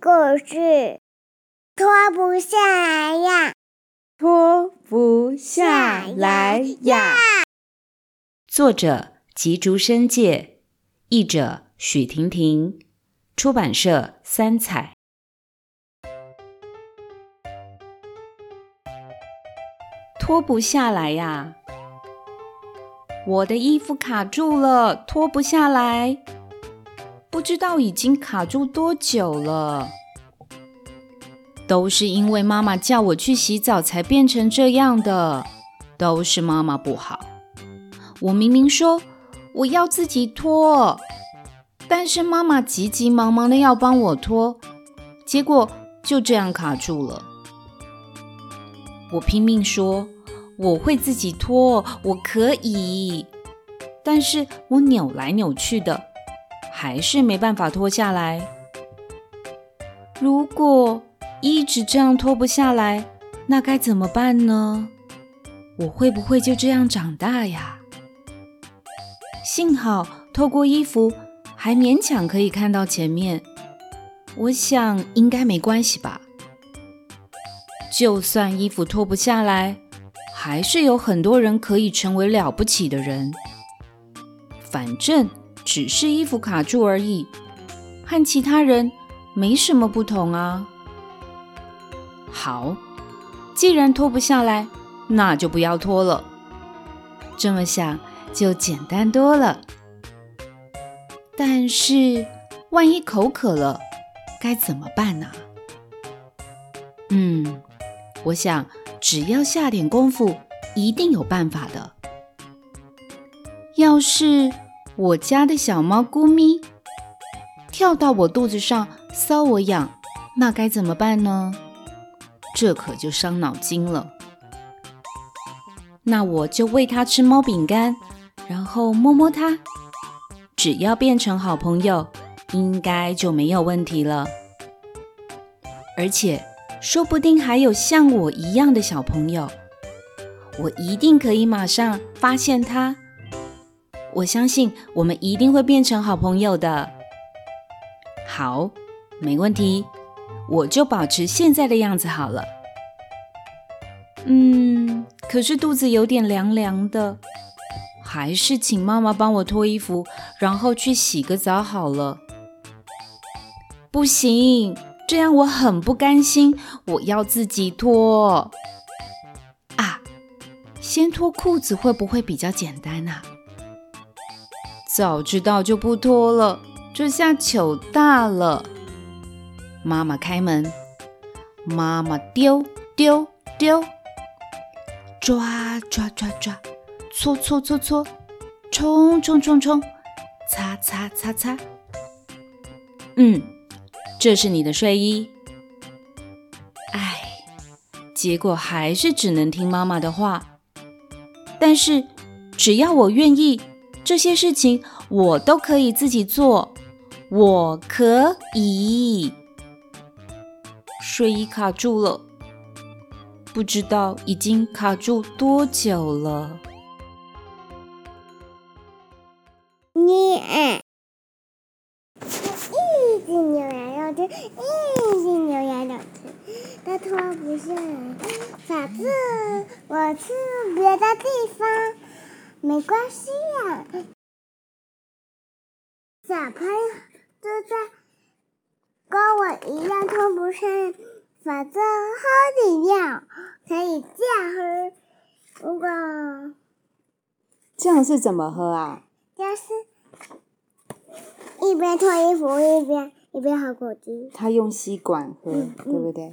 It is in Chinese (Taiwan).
故事脫不下來呀，脫不下來呀。來呀。作者吉竹伸介，譯者許婷婷，出版社三采。脫不下來呀，我的衣服卡住了，脫不下來。不知道已經卡住多久了，都是因為媽媽叫我去洗澡才變成這樣的，都是媽媽不好。我明明說我要自己脫，但是媽媽急急忙忙的要幫我脫，結果就這樣卡住了。我拼命說我會自己脫，我可以，但是我扭來扭去的。還是沒辦法脫下來。如果一直這樣脫不下來，那該怎麼辦呢？我會不會就這樣長大呀？幸好透過衣服還勉強可以看到前面，我想應該沒關係吧。就算衣服脫不下來，還是有很多人可以成為了不起的人。反正。只是衣服卡住而已，和其他人沒什麼不同啊。好，既然脫不下來，那就不要脫了。這麼想就簡單多了。但是萬一口渴了，該怎麼辦呢，啊？嗯，我想只要下點功夫，一定有辦法的。要是……我家的小貓咕咪跳到我肚子上搔我癢，那該怎麼辦呢？這可就傷腦筋了。那我就餵它吃貓餅乾，然後摸摸它。只要變成好朋友，應該就沒有問題了。而且說不定還有像我一樣的小朋友，我一定可以馬上發現它。我相信我們一定會變成好朋友的。好，沒問題，我就保持現在的樣子好了。嗯，可是肚子有點涼涼的，還是請媽媽幫我脫衣服，然後去洗個澡好了。不行，這樣我很不甘心，我要自己脫。啊，先脫褲子會不會比較簡單呢？啊？早知道就不脫了，這下糗大了。媽媽開門，媽媽丟丟丟，抓抓抓抓，搓搓搓搓，沖沖沖沖，擦擦擦擦，擦。嗯，這是你的睡衣。哎，結果還是只能聽媽媽的話。但是只要我願意。這些事情我都可以自己做，我可以。睡衣卡住了，不知道已經卡住多久了。你愛、哎，我一直扭來扭去，一直扭來扭去，都脫不下來。反正我去別的地方。沒關係呀、啊，小朋友都在跟我一樣脫不上，反正喝飲料可以這樣喝。如果這樣是怎麼喝啊？就是一邊脫衣服一邊一邊喝果汁。他用吸管喝，嗯、對不對？嗯